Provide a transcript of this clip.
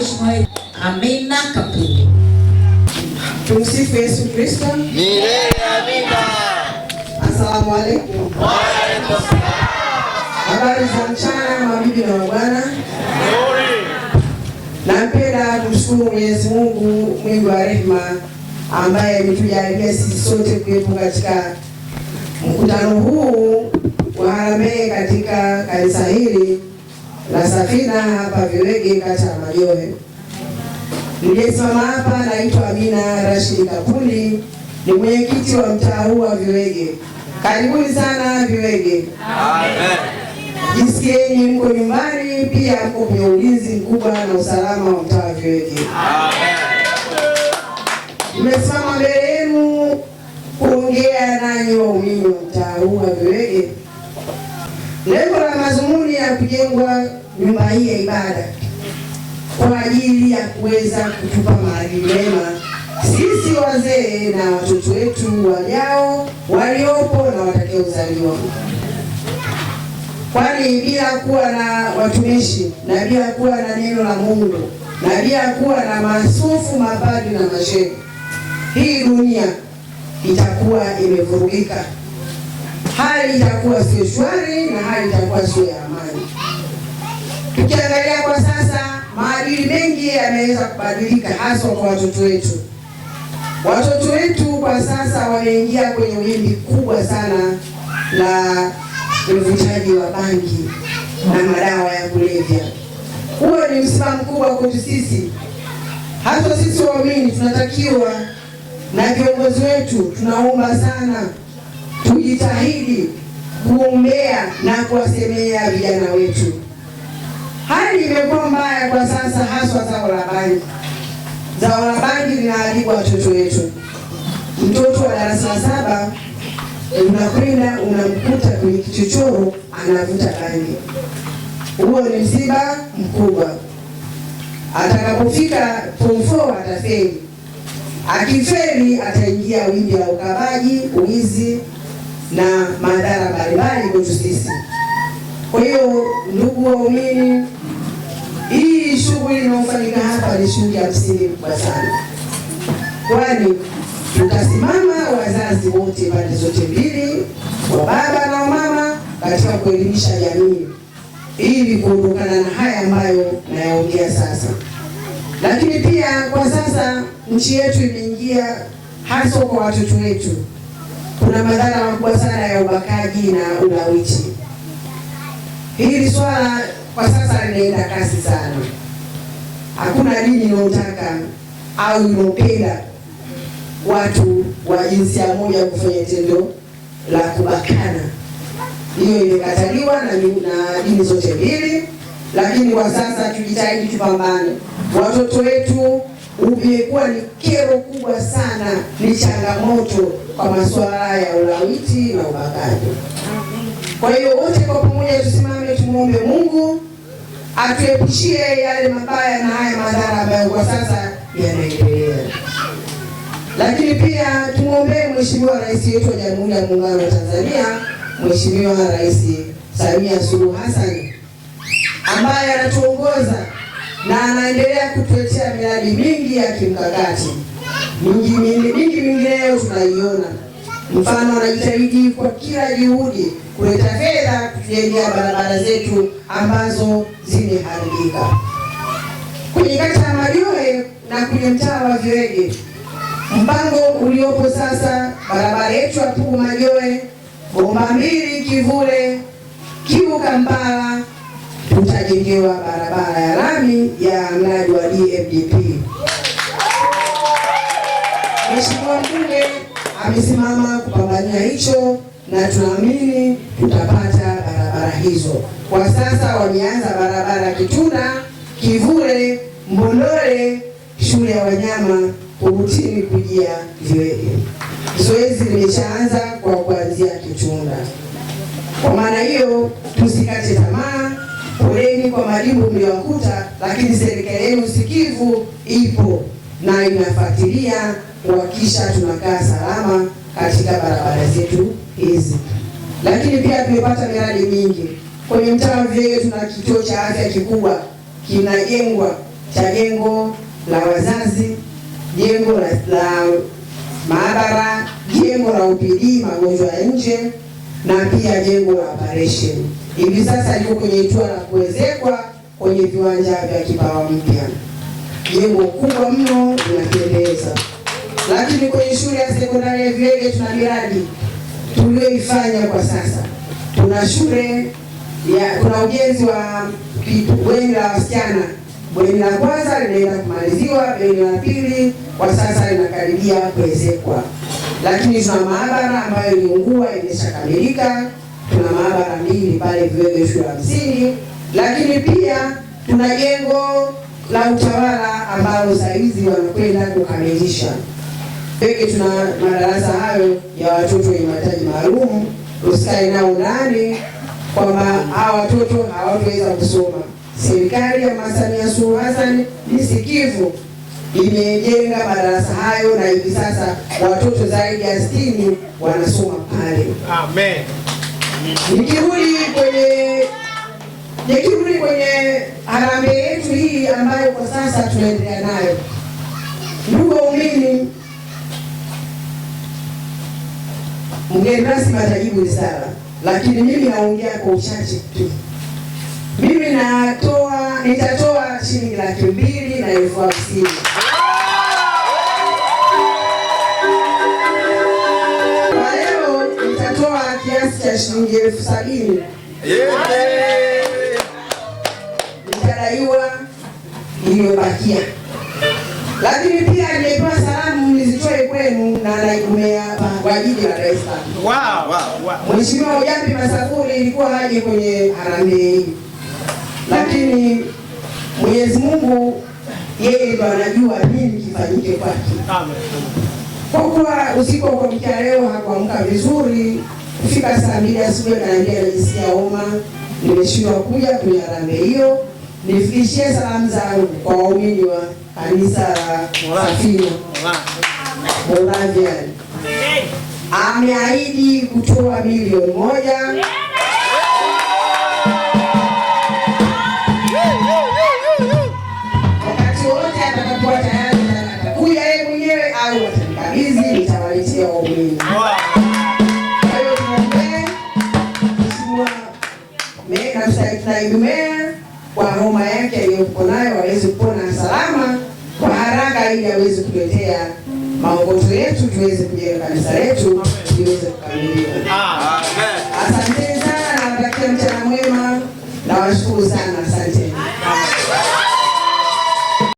Ishmael. Amina Kapili. Tumsifu Yesu Kristo. Milele amina. Asalamu alaykum. Wa alaykum salaam. Habari za mchana mabibi na mabwana. Napenda kumshukuru Mwenyezi Mungu mwingi wa rehema ambaye ametujalia sisi sote kuwepo katika mkutano huu wa harambee katika kanisa hili na Safina hapa Viwege, kata ya Majohe. Niliyesimama hapa naitwa Amina Rashidi Kapuli, ni mwenyekiti wa mtaa huu wa Viwege. Karibuni sana Viwege. Amen. Jisikieni mko nyumbani, pia mko kwenye ulinzi mkubwa na usalama wa mtaa wa Viwege. Amen. Nimesimama mbele yenu kuongea nanyi waumini wa mtaa huu wa Viwege Lengo la mazumuni ya kujengwa nyumba hii ya ibada kwa ajili ya kuweza kutupa maadili mema sisi wazee na watoto wetu wajao, waliopo na watakaozaliwa, kwani bila kuwa na watumishi na bila kuwa na neno la Mungu na bila kuwa na maaskofu, mapadri na mashehe, hii dunia itakuwa imevurugika hali itakuwa sio shwari na hali itakuwa sio ya amani. Tukiangalia kwa sasa, maadili mengi yameweza kubadilika, haswa kwa watoto wetu. Watoto wetu kwa sasa wameingia kwenye wimbi kubwa sana la uvutaji wa bangi na madawa ya kulevya. Huo ni msimamo mkubwa kwetu sisi, hasa sisi waumini tunatakiwa, na viongozi wetu tunaomba sana tujitahidi kuombea na kuwasemea vijana wetu. Hali imekuwa mbaya kwa sasa, haswa zao la bangi. Zao la bangi linaharibu watoto wetu. Mtoto wa darasa la saba unakwenda unamkuta kwenye kichochoro anavuta bangi, huo ni msiba mkubwa. Atakapofika form four atafeli, akifeli ataingia wimbi ya ukabaji, wizi na madhara mbalimbali kwetu sisi. Kwa hiyo, ndugu waumini, hii shughuli inayofanyika hapa ni shughuli ya msingi kubwa sana, kwani tutasimama wazazi wote pande zote mbili, wa baba na mama, katika kuelimisha jamii ili kuondokana na haya ambayo nayaongea sasa. Lakini pia kwa sasa nchi yetu imeingia hasa kwa watoto wetu kuna madhara makubwa sana ya ubakaji na ulawiti. Hili swala kwa sasa linaenda kasi sana. Hakuna dini inayotaka au inopenda watu wa jinsia moja kufanya tendo la kubakana. Hiyo imekataliwa na dini zote mbili, lakini kwa sasa tujitahidi, tupambane watoto wetu umekuwa ni kero kubwa sana, ni changamoto kwa masuala ya ulawiti na ubakaji. Kwa hiyo wote kwa pamoja tusimame, tumwombe Mungu atuepushie yale mabaya na haya madhara ambayo kwa sasa yanaendelea, lakini pia tumwombee Mheshimiwa Rais wetu wa Jamhuri ya Muungano wa Tanzania, Mheshimiwa Rais Samia Suluhu Hassan ambaye anatuongoza na anaendelea kutuletea miradi mingi ya kimkakati mingi mingi Leo tunaiona. Mfano, anajitahidi kwa kila juhudi kuleta fedha kutujengea barabara zetu ambazo zimeharibika kwenye kata ya Majohe na kwenye mtaa wa Viwege. Mpango uliopo sasa, barabara yetu ya Pugu Majohe, bomba mbili Kivule, Kivu Kampala mtajengewa barabara ya lami ya mradi wa DMDP. Mheshimiwa mbunge amesimama kupambania hicho na tunaamini tutapata barabara hizo. Kwa sasa wameanza barabara Kitunda, Kivule, Mbondole, shule ya wanyama Kubutini kujia Viwege. Zoezi limeshaanza kwa kuanzia Kitunda. Kwa maana hiyo, tusikate tamaa poleni kwa majibu mliyokuta, lakini serikali yenu sikivu ipo na inafuatilia kuhakikisha tunakaa salama katika barabara zetu hizi. Lakini pia tumepata miradi mingi kwenye mtaa Vyege. Tuna kituo cha afya kikubwa kinajengwa cha jengo la wazazi, jengo la, la maabara, jengo la upidi magonjwa ya nje na pia jengo la operation. Hivi sasa liko kwenye hatua la kuwezekwa kwenye viwanja vya Kibawa mpya, jengo kubwa mno linapendeza. Lakini kwenye shule ya sekondari ya Viwege tuna miradi tuliyoifanya kwa sasa. Tuna shule ya kuna ujenzi wa bweni la wasichana bweni la kwanza linaenda kumaliziwa, bweni la pili kwa sasa linakaribia kuwezekwa lakini za maabara ambayo iliungua imeshakamilika. Tuna maabara mbili pale Viwege shule ya msingi, lakini pia tuna jengo la utawala ambalo saa hizi wanakwenda kukamilisha peke. Tuna madarasa hayo ya watoto wenye mahitaji maalum, usikae nao ndani kwamba hawa watoto hawataweza kusoma. Serikali ya Mama Samia Suluhu Hassan ni sikivu imejenga madarasa hayo na hivi sasa watoto zaidi ya 60 wanasoma pale. Amen. Nikirudi kwenye nikirudi kwenye harambee yetu hii ambayo kwa sasa tunaendelea nayo, ndugu waumini, mgeni rasmi atajibu risala, lakini mimi naongea kwa uchache tu. Mimi natoa nitatoa shilingi laki mbili na elfu hamsini kwa leo, nitatoa kiasi cha shilingi elfu sabini nitadaiwa iliyobakia, lakini pia nimepewa salamu nizitoe kwenu na naibu meya hapa kwa jiji la Dar es Salaam. Wow, wow, wow. Mheshimiwa Ujambi Masafuri ilikuwa aje kwenye harambee hii lakini Mwenyezi Mungu yeye ndo anajua nini kifanyike kwake. Kwa kuwa usiku wa kuamkia leo hakuamka vizuri, kufika saa mbili asubuhi ananiambia najisikia homa, nimeshindwa kuja kwenye harambee hiyo, nifikishie salamu zangu kwa waumini wa kanisa la Safina Moravian. Ameahidi kutoa milioni moja yuko nayo waweze kupona salama kwa haraka, ili aweze kuletea maongozo yetu tuweze kujenga kanisa letu liweze kukamilika. Asanteni sana, nawatakia mchana mwema na washukuru sana.